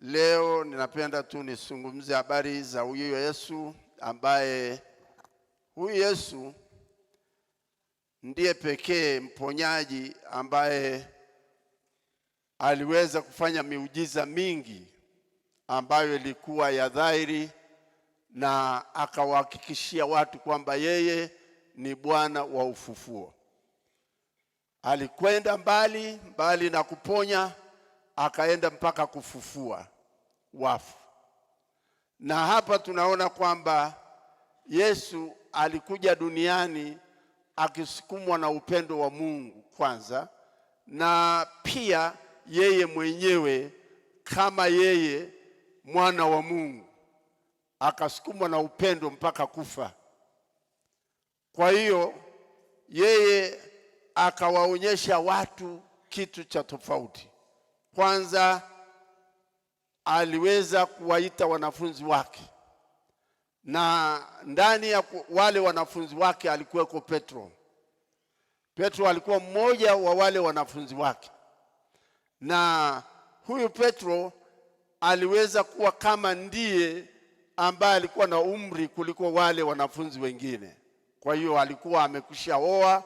Leo ninapenda tu nisungumze habari za huyu Yesu ambaye huyu Yesu ndiye pekee mponyaji ambaye aliweza kufanya miujiza mingi ambayo ilikuwa ya dhahiri na akawahakikishia watu kwamba yeye ni Bwana wa ufufuo. Alikwenda mbali mbali na kuponya akaenda mpaka kufufua wafu. Na hapa tunaona kwamba Yesu alikuja duniani akisukumwa na upendo wa Mungu kwanza, na pia yeye mwenyewe kama yeye mwana wa Mungu akasukumwa na upendo mpaka kufa. Kwa hiyo yeye akawaonyesha watu kitu cha tofauti. Kwanza aliweza kuwaita wanafunzi wake, na ndani ya wale wanafunzi wake alikuweko Petro. Petro alikuwa mmoja wa wale wanafunzi wake, na huyu Petro aliweza kuwa kama ndiye ambaye alikuwa na umri kuliko wale wanafunzi wengine. Kwa hiyo alikuwa amekwisha oa,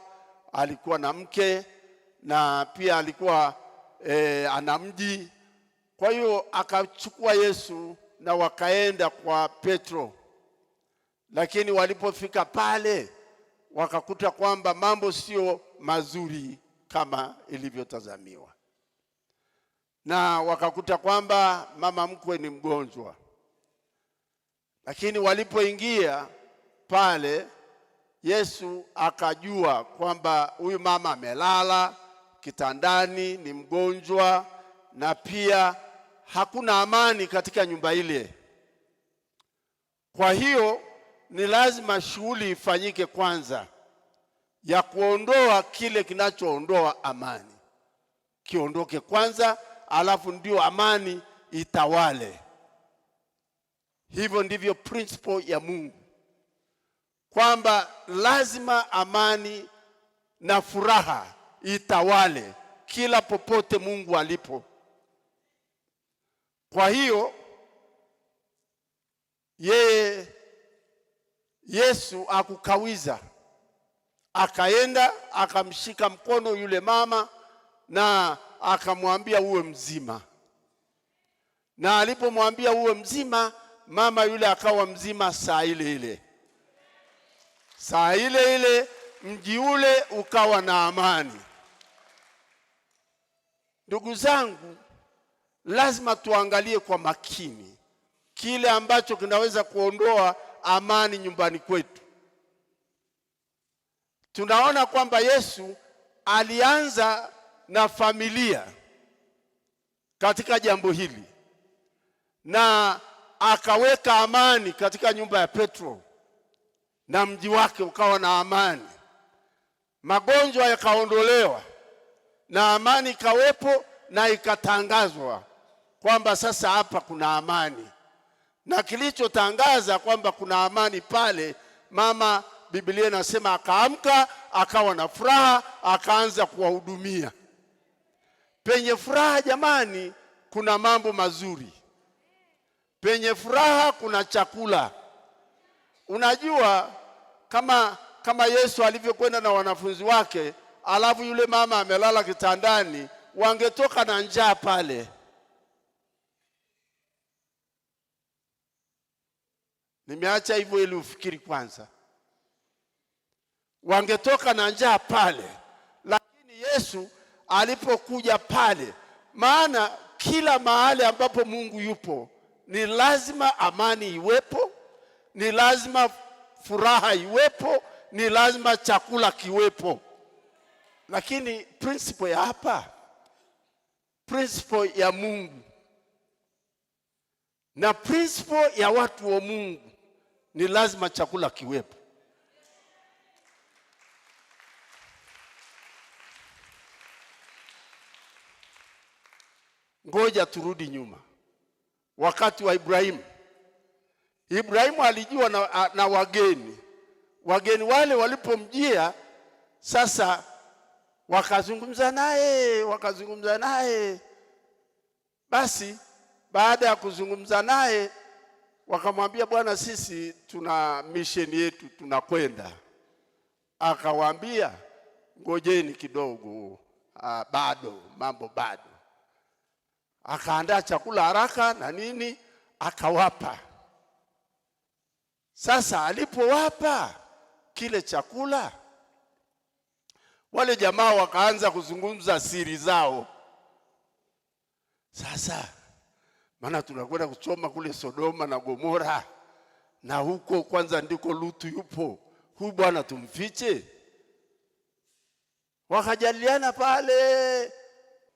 alikuwa na mke na pia alikuwa e, ana mji. Kwa hiyo akachukua Yesu na wakaenda kwa Petro, lakini walipofika pale wakakuta kwamba mambo sio mazuri kama ilivyotazamiwa, na wakakuta kwamba mama mkwe ni mgonjwa. Lakini walipoingia pale, Yesu akajua kwamba huyu mama amelala kitandani, ni mgonjwa, na pia hakuna amani katika nyumba ile. Kwa hiyo ni lazima shughuli ifanyike kwanza ya kuondoa kile kinachoondoa amani, kiondoke kwanza, alafu ndio amani itawale. Hivyo ndivyo principle ya Mungu kwamba lazima amani na furaha itawale kila popote Mungu alipo. Kwa hiyo yeye Yesu akukawiza, akaenda akamshika mkono yule mama na akamwambia uwe mzima, na alipomwambia uwe mzima, mama yule akawa mzima saa ile ile, saa ile ile mji ule ukawa na amani. Ndugu zangu, lazima tuangalie kwa makini kile ambacho kinaweza kuondoa amani nyumbani kwetu. Tunaona kwamba Yesu alianza na familia katika jambo hili na akaweka amani katika nyumba ya Petro na mji wake ukawa na amani, magonjwa yakaondolewa, na amani ikawepo na ikatangazwa kwamba sasa hapa kuna amani, na kilichotangaza kwamba kuna amani pale, mama, Biblia inasema akaamka, akawa na furaha, akaanza kuwahudumia. Penye furaha, jamani, kuna mambo mazuri. Penye furaha kuna chakula. Unajua kama, kama Yesu alivyokwenda na wanafunzi wake alafu yule mama amelala kitandani, wangetoka na njaa pale. Nimeacha hivyo ili ufikiri kwanza, wangetoka na njaa pale, lakini Yesu alipokuja pale, maana kila mahali ambapo Mungu yupo ni lazima amani iwepo, ni lazima furaha iwepo, ni lazima chakula kiwepo. Lakini principle ya hapa, principle ya Mungu na principle ya watu wa Mungu ni lazima chakula kiwepo. Ngoja turudi nyuma, wakati wa Ibrahimu. Ibrahimu alijua na, na wageni wageni wale walipomjia sasa Wakazungumza naye wakazungumza naye, basi baada ya kuzungumza naye wakamwambia, bwana, sisi tuna misheni yetu tunakwenda. Akawaambia, ngojeni kidogo, a, ah, bado mambo bado. Akaandaa chakula haraka na nini, akawapa. Sasa alipowapa kile chakula wale jamaa wakaanza kuzungumza siri zao. Sasa maana tunakwenda kuchoma kule Sodoma na Gomora, na huko kwanza ndiko Lutu yupo. Huyu bwana tumfiche? Wakajadiliana pale.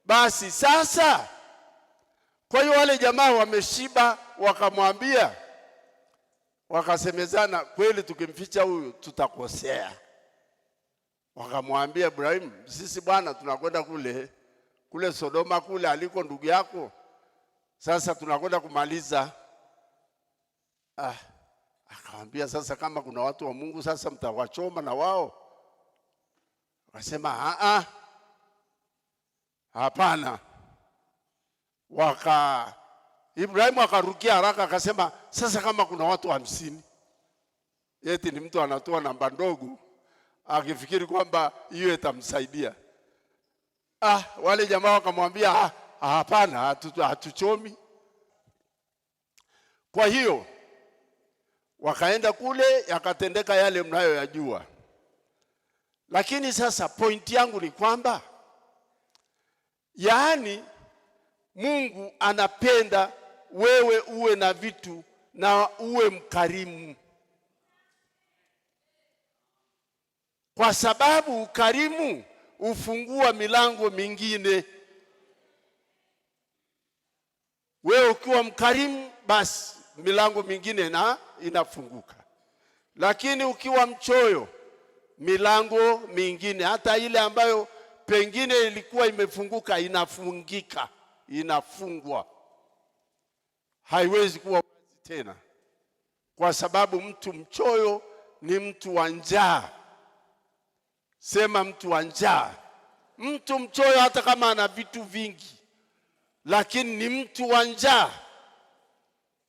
Basi sasa, kwa hiyo wale jamaa wameshiba, wakamwambia, wakasemezana, kweli tukimficha huyu tutakosea Wakamwambia Ibrahimu, sisi bwana, tunakwenda kule kule Sodoma kule aliko ndugu yako, sasa tunakwenda kumaliza. Ah, akamwambia sasa, kama kuna watu wa Mungu sasa mtawachoma na wao. Wakasema a a, hapana. Waka Ibrahimu akarukia haraka akasema, sasa kama kuna watu hamsini, yeti ni mtu anatoa namba ndogo akifikiri kwamba hiyo itamsaidia. Ah, wale jamaa wakamwambia ah, hapana, ah, hatuchomi. Kwa hiyo wakaenda kule, yakatendeka yale mnayoyajua. Lakini sasa pointi yangu ni kwamba yaani, Mungu anapenda wewe uwe na vitu na uwe mkarimu kwa sababu ukarimu hufungua milango mingine. Wewe ukiwa mkarimu, basi milango mingine na inafunguka, lakini ukiwa mchoyo, milango mingine hata ile ambayo pengine ilikuwa imefunguka inafungika, inafungwa, haiwezi kuwa wazi tena, kwa sababu mtu mchoyo ni mtu wa njaa. Sema mtu wa njaa, mtu mchoyo, hata kama ana vitu vingi, lakini ni mtu wa njaa,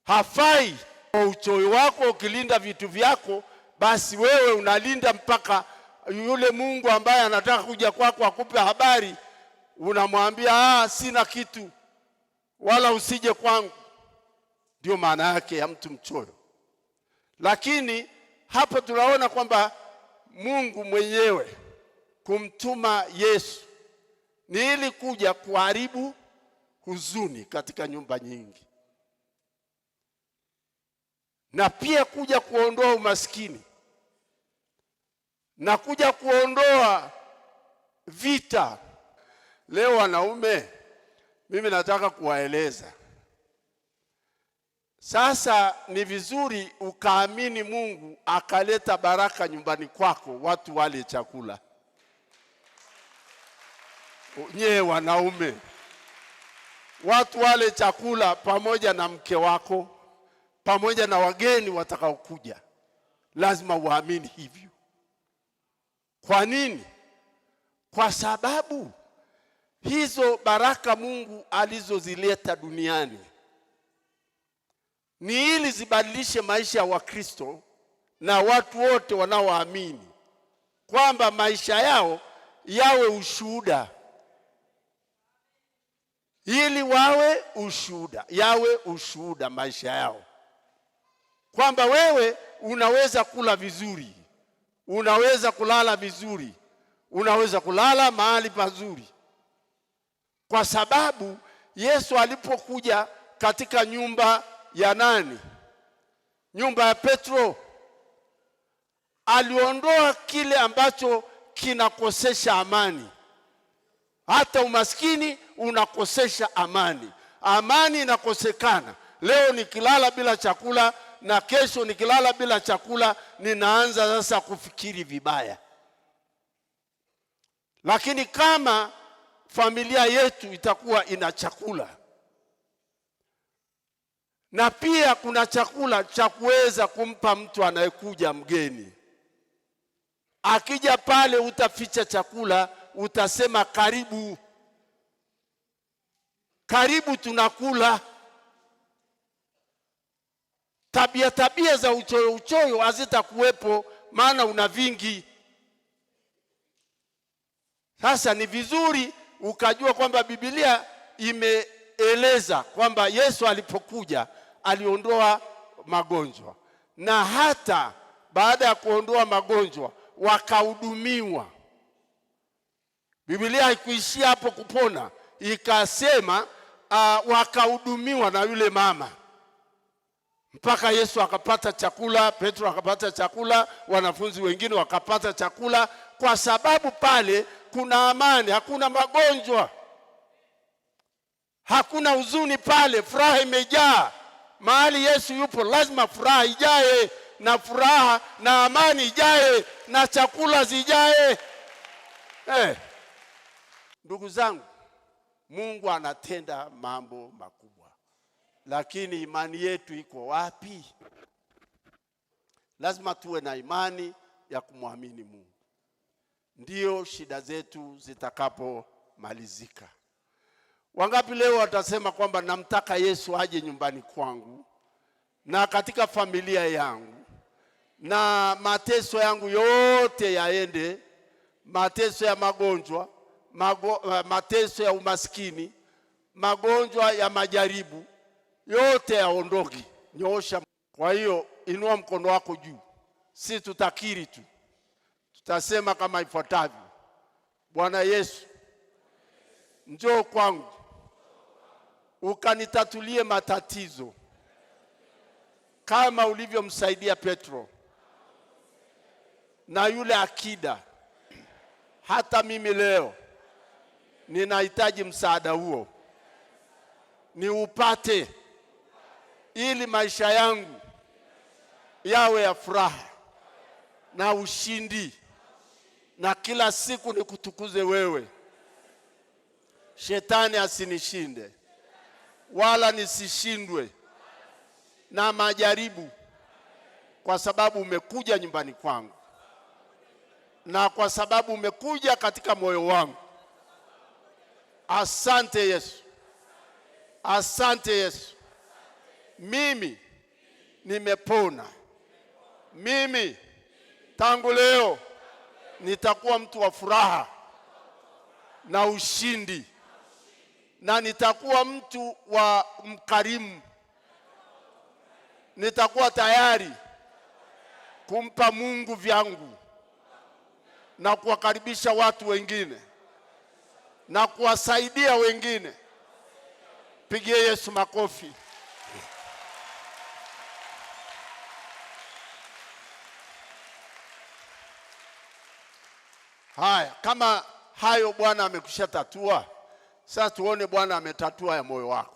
hafai. Kwa uchoyo wako ukilinda vitu vyako, basi wewe unalinda mpaka yule Mungu ambaye anataka kuja kwako kwa akupe habari, unamwambia ah, sina kitu, wala usije kwangu. ndio maana yake ya mtu mchoyo. Lakini hapa tunaona kwamba Mungu mwenyewe kumtuma Yesu ni ili kuja kuharibu huzuni katika nyumba nyingi na pia kuja kuondoa umaskini na kuja kuondoa vita. Leo wanaume, mimi nataka kuwaeleza sasa, ni vizuri ukaamini Mungu akaleta baraka nyumbani kwako, watu wale chakula nyee wanaume, watu wale chakula pamoja na mke wako, pamoja na wageni watakaokuja. Lazima waamini hivyo. Kwa nini? Kwa sababu hizo baraka Mungu alizozileta duniani ni ili zibadilishe maisha ya Wakristo na watu wote wanaoamini, kwamba maisha yao yawe ushuhuda ili wawe ushuhuda, yawe ushuhuda maisha yao, kwamba wewe unaweza kula vizuri, unaweza kulala vizuri, unaweza kulala mahali pazuri, kwa sababu Yesu alipokuja katika nyumba ya nani? Nyumba ya Petro, aliondoa kile ambacho kinakosesha amani hata umaskini unakosesha amani, amani inakosekana. Leo nikilala bila chakula na kesho nikilala bila chakula, ninaanza sasa kufikiri vibaya. Lakini kama familia yetu itakuwa ina chakula na pia kuna chakula cha kuweza kumpa mtu anayekuja mgeni, akija pale, utaficha chakula utasema karibu, karibu tunakula. Tabia tabia za uchoyo uchoyo hazitakuwepo, maana una vingi. Sasa ni vizuri ukajua kwamba Biblia imeeleza kwamba Yesu alipokuja aliondoa magonjwa, na hata baada ya kuondoa magonjwa wakahudumiwa. Biblia haikuishia hapo kupona, ikasema uh, wakahudumiwa na yule mama mpaka Yesu akapata chakula, Petro akapata chakula, wanafunzi wengine wakapata chakula, kwa sababu pale kuna amani, hakuna magonjwa, hakuna huzuni. Pale furaha imejaa. Mahali Yesu yupo, lazima furaha ijae, na furaha na amani ijae, na chakula zijae eh. Ndugu zangu, Mungu anatenda mambo makubwa, lakini imani yetu iko wapi? Lazima tuwe na imani ya kumwamini Mungu, ndio shida zetu zitakapomalizika. Wangapi leo watasema kwamba namtaka Yesu aje nyumbani kwangu na katika familia yangu na mateso yangu yote yaende, mateso ya magonjwa mago, eh, mateso ya umaskini, magonjwa ya majaribu yote yaondoki. Nyoosha. Kwa hiyo inua mkono wako juu, si tutakiri tu, tutasema kama ifuatavyo: Bwana Yesu, njoo kwangu ukanitatulie matatizo kama ulivyomsaidia Petro na yule akida. Hata mimi leo ninahitaji msaada huo niupate, ili maisha yangu yawe ya furaha na ushindi, na kila siku nikutukuze wewe. Shetani asinishinde wala nisishindwe na majaribu, kwa sababu umekuja nyumbani kwangu na kwa sababu umekuja katika moyo wangu. Asante Yesu, asante Yesu, mimi nimepona. Mimi tangu leo nitakuwa mtu wa furaha na ushindi, na nitakuwa mtu wa mkarimu. Nitakuwa tayari kumpa Mungu vyangu na kuwakaribisha watu wengine na kuwasaidia wengine. Pigie Yesu makofi. Haya, kama hayo Bwana amekushatatua, tatua, sasa tuone Bwana ametatua ya moyo wako.